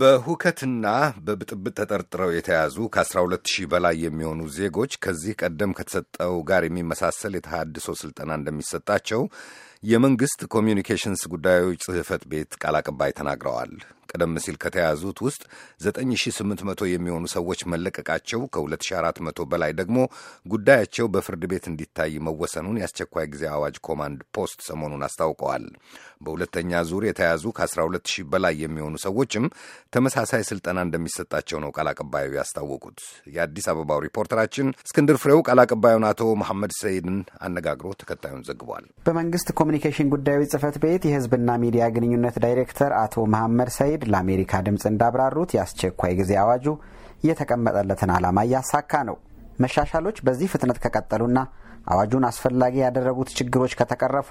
በሁከትና በብጥብጥ ተጠርጥረው የተያዙ ከ12 በላይ የሚሆኑ ዜጎች ከዚህ ቀደም ከተሰጠው ጋር የሚመሳሰል የተሃድሶ ስልጠና እንደሚሰጣቸው የመንግሥት ኮሚዩኒኬሽንስ ጉዳዮች ጽሕፈት ቤት ቃል አቀባይ ተናግረዋል። ቀደም ሲል ከተያዙት ውስጥ 9800 የሚሆኑ ሰዎች መለቀቃቸው ከ2400 በላይ ደግሞ ጉዳያቸው በፍርድ ቤት እንዲታይ መወሰኑን የአስቸኳይ ጊዜ አዋጅ ኮማንድ ፖስት ሰሞኑን አስታውቀዋል። በሁለተኛ ዙር የተያዙ ከ12000 በላይ የሚሆኑ ሰዎችም ተመሳሳይ ስልጠና እንደሚሰጣቸው ነው ቃል አቀባዩ ያስታወቁት። የአዲስ አበባው ሪፖርተራችን እስክንድር ፍሬው ቃል አቀባዩን አቶ መሐመድ ሰይድን አነጋግሮ ተከታዩን ዘግቧል። በመንግስት ኮሚኒኬሽን ጉዳዮች ጽህፈት ቤት የህዝብና ሚዲያ ግንኙነት ዳይሬክተር አቶ መሐመድ ሰይድ ለአሜሪካ ድምፅ እንዳብራሩት የአስቸኳይ ጊዜ አዋጁ የተቀመጠለትን ዓላማ እያሳካ ነው። መሻሻሎች በዚህ ፍጥነት ከቀጠሉና አዋጁን አስፈላጊ ያደረጉት ችግሮች ከተቀረፉ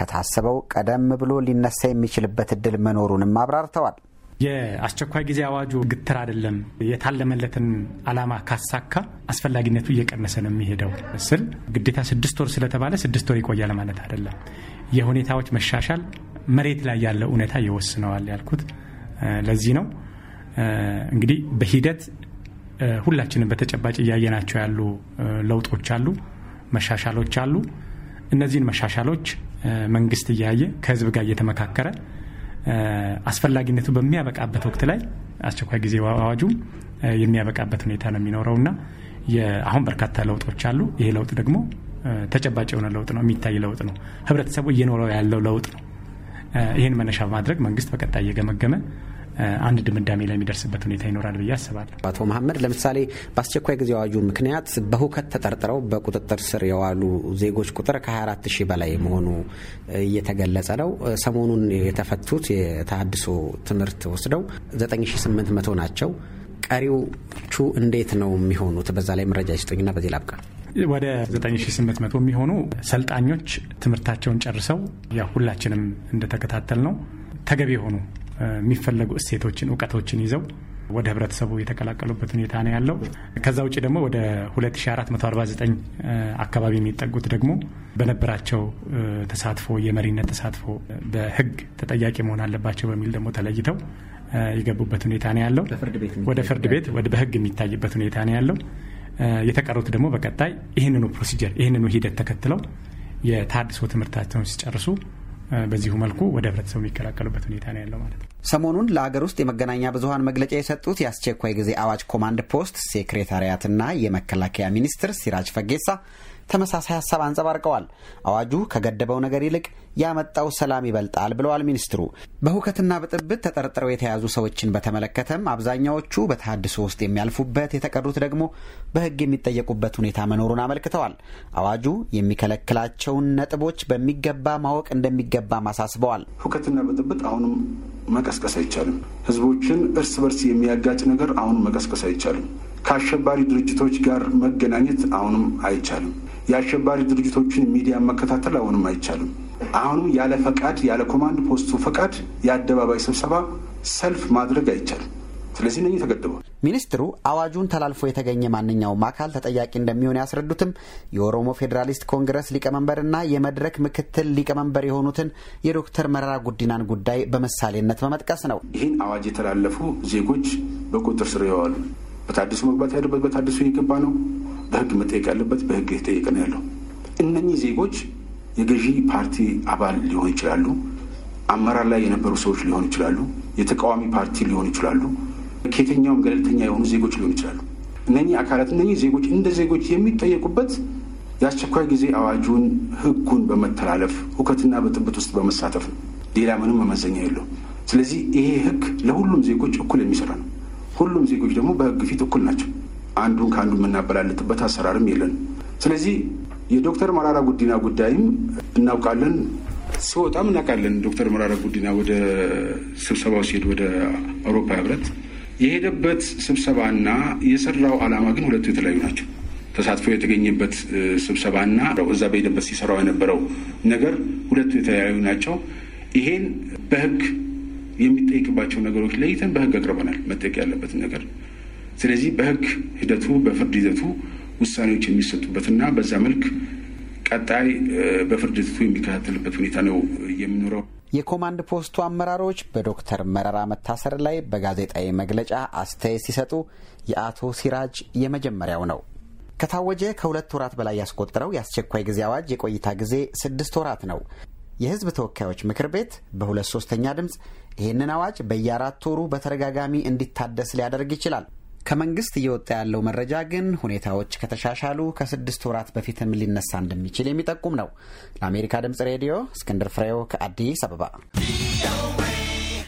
ከታሰበው ቀደም ብሎ ሊነሳ የሚችልበት እድል መኖሩንም አብራርተዋል። የአስቸኳይ ጊዜ አዋጁ ግትር አይደለም። የታለመለትን ዓላማ ካሳካ አስፈላጊነቱ እየቀነሰ ነው የሚሄደው ስል ግዴታ ስድስት ወር ስለተባለ ስድስት ወር ይቆያል ማለት አይደለም። የሁኔታዎች መሻሻል መሬት ላይ ያለው እውነታ ይወስነዋል ያልኩት ለዚህ ነው። እንግዲህ በሂደት ሁላችንም በተጨባጭ እያየናቸው ያሉ ለውጦች አሉ፣ መሻሻሎች አሉ። እነዚህን መሻሻሎች መንግስት እያየ ከህዝብ ጋር እየተመካከረ አስፈላጊነቱ በሚያበቃበት ወቅት ላይ አስቸኳይ ጊዜ አዋጁ የሚያበቃበት ሁኔታ ነው የሚኖረው እና አሁን በርካታ ለውጦች አሉ። ይሄ ለውጥ ደግሞ ተጨባጭ የሆነ ለውጥ ነው፣ የሚታይ ለውጥ ነው፣ ህብረተሰቡ እየኖረው ያለው ለውጥ ነው። ይህን መነሻ በማድረግ መንግስት በቀጣይ እየገመገመ አንድ ድምዳሜ ላይ የሚደርስበት ሁኔታ ይኖራል ብዬ አስባለሁ። አቶ መሀመድ ለምሳሌ በአስቸኳይ ጊዜ አዋጁ ምክንያት በሁከት ተጠርጥረው በቁጥጥር ስር የዋሉ ዜጎች ቁጥር ከ24 ሺህ በላይ መሆኑ እየተገለጸ ነው። ሰሞኑን የተፈቱት የተሀድሶ ትምህርት ወስደው 9800 ናቸው። ቀሪዎቹ እንዴት ነው የሚሆኑት? በዛ ላይ መረጃ ይስጡኝና በዚህ ላብቃ። ወደ 9800 የሚሆኑ ሰልጣኞች ትምህርታቸውን ጨርሰው ያው ሁላችንም እንደተከታተል ነው ተገቢ የሆኑ የሚፈለጉ እሴቶችን፣ እውቀቶችን ይዘው ወደ ህብረተሰቡ የተቀላቀሉበት ሁኔታ ነው ያለው። ከዛ ውጭ ደግሞ ወደ 2449 አካባቢ የሚጠጉት ደግሞ በነበራቸው ተሳትፎ የመሪነት ተሳትፎ በህግ ተጠያቂ መሆን አለባቸው በሚል ደግሞ ተለይተው የገቡበት ሁኔታ ነው ያለው። ወደ ፍርድ ቤት ወደ በህግ የሚታይበት ሁኔታ ነው ያለው። የተቀሩት ደግሞ በቀጣይ ይህንኑ ፕሮሲጀር ይህንኑ ሂደት ተከትለው የታድሶ ትምህርታቸውን ሲጨርሱ በዚሁ መልኩ ወደ ህብረተሰቡ የሚቀላቀሉበት ሁኔታ ነው ያለው ማለት ነው። ሰሞኑን ለአገር ውስጥ የመገናኛ ብዙሀን መግለጫ የሰጡት የአስቸኳይ ጊዜ አዋጅ ኮማንድ ፖስት ሴክሬታሪያትና የመከላከያ ሚኒስትር ሲራጅ ፈጌሳ ተመሳሳይ ሀሳብ አንጸባርቀዋል። አዋጁ ከገደበው ነገር ይልቅ ያመጣው ሰላም ይበልጣል ብለዋል ሚኒስትሩ። በሁከትና ብጥብጥ ተጠርጥረው የተያዙ ሰዎችን በተመለከተም አብዛኛዎቹ በተሃድሶ ውስጥ የሚያልፉበት፣ የተቀሩት ደግሞ በሕግ የሚጠየቁበት ሁኔታ መኖሩን አመልክተዋል። አዋጁ የሚከለክላቸውን ነጥቦች በሚገባ ማወቅ እንደሚገባ አሳስበዋል። ሁከትና ብጥብጥ አሁንም መቀስቀስ አይቻልም። ህዝቦችን እርስ በርስ የሚያጋጭ ነገር አሁንም መቀስቀስ አይቻልም። ከአሸባሪ ድርጅቶች ጋር መገናኘት አሁንም አይቻልም። የአሸባሪ ድርጅቶችን ሚዲያ መከታተል አሁንም አይቻልም። አሁንም ያለ ፈቃድ ያለ ኮማንድ ፖስቱ ፈቃድ የአደባባይ ስብሰባ፣ ሰልፍ ማድረግ አይቻልም። ስለዚህ ነኝ ተገድበዋል። ሚኒስትሩ አዋጁን ተላልፎ የተገኘ ማንኛውም አካል ተጠያቂ እንደሚሆን ያስረዱትም የኦሮሞ ፌዴራሊስት ኮንግረስ ሊቀመንበርና የመድረክ ምክትል ሊቀመንበር የሆኑትን የዶክተር መረራ ጉዲናን ጉዳይ በምሳሌነት በመጥቀስ ነው። ይህን አዋጅ የተላለፉ ዜጎች በቁጥር ስር የዋሉ በታድሱ መግባት ያለበት በታድሱ የገባ ነው በህግ መጠየቅ ያለበት በህግ የተጠየቀ ነው ያለው። እነኚህ ዜጎች የገዢ ፓርቲ አባል ሊሆኑ ይችላሉ፣ አመራር ላይ የነበሩ ሰዎች ሊሆኑ ይችላሉ፣ የተቃዋሚ ፓርቲ ሊሆኑ ይችላሉ፣ ከየትኛውም ገለልተኛ የሆኑ ዜጎች ሊሆኑ ይችላሉ። እነኚህ አካላት እነኚህ ዜጎች እንደ ዜጎች የሚጠየቁበት የአስቸኳይ ጊዜ አዋጁን ህጉን በመተላለፍ ሁከትና በጥብት ውስጥ በመሳተፍ ነው። ሌላ ምንም መመዘኛ የለው። ስለዚህ ይሄ ህግ ለሁሉም ዜጎች እኩል የሚሰራ ነው። ሁሉም ዜጎች ደግሞ በህግ ፊት እኩል ናቸው። አንዱን ከአንዱ የምናበላልጥበት አሰራርም የለን። ስለዚህ የዶክተር መራራ ጉዲና ጉዳይም እናውቃለን፣ ሲወጣም እናውቃለን። ዶክተር መራራ ጉዲና ወደ ስብሰባው ሲሄድ ወደ አውሮፓ ህብረት የሄደበት ስብሰባና የሰራው አላማ ግን ሁለቱ የተለያዩ ናቸው። ተሳትፎ የተገኘበት ስብሰባና እዛ በሄደበት ሲሰራው የነበረው ነገር ሁለቱ የተለያዩ ናቸው። ይሄን በህግ የሚጠይቅባቸው ነገሮች ለይተን በህግ አቅርበናል። መጠየቅ ያለበትን ነገር ስለዚህ በህግ ሂደቱ በፍርድ ሂደቱ ውሳኔዎች የሚሰጡበትና በዛ መልክ ቀጣይ በፍርድ ሂደቱ የሚከታተልበት ሁኔታ ነው የሚኖረው። የኮማንድ ፖስቱ አመራሮች በዶክተር መረራ መታሰር ላይ በጋዜጣዊ መግለጫ አስተያየት ሲሰጡ የአቶ ሲራጅ የመጀመሪያው ነው። ከታወጀ ከሁለት ወራት በላይ ያስቆጠረው የአስቸኳይ ጊዜ አዋጅ የቆይታ ጊዜ ስድስት ወራት ነው። የህዝብ ተወካዮች ምክር ቤት በሁለት ሶስተኛ ድምፅ ይህንን አዋጅ በየአራት ወሩ በተደጋጋሚ እንዲታደስ ሊያደርግ ይችላል። ከመንግስት እየወጣ ያለው መረጃ ግን ሁኔታዎች ከተሻሻሉ ከስድስት ወራት በፊትም ሊነሳ እንደሚችል የሚጠቁም ነው። ለአሜሪካ ድምጽ ሬዲዮ እስክንድር ፍሬው ከአዲስ አበባ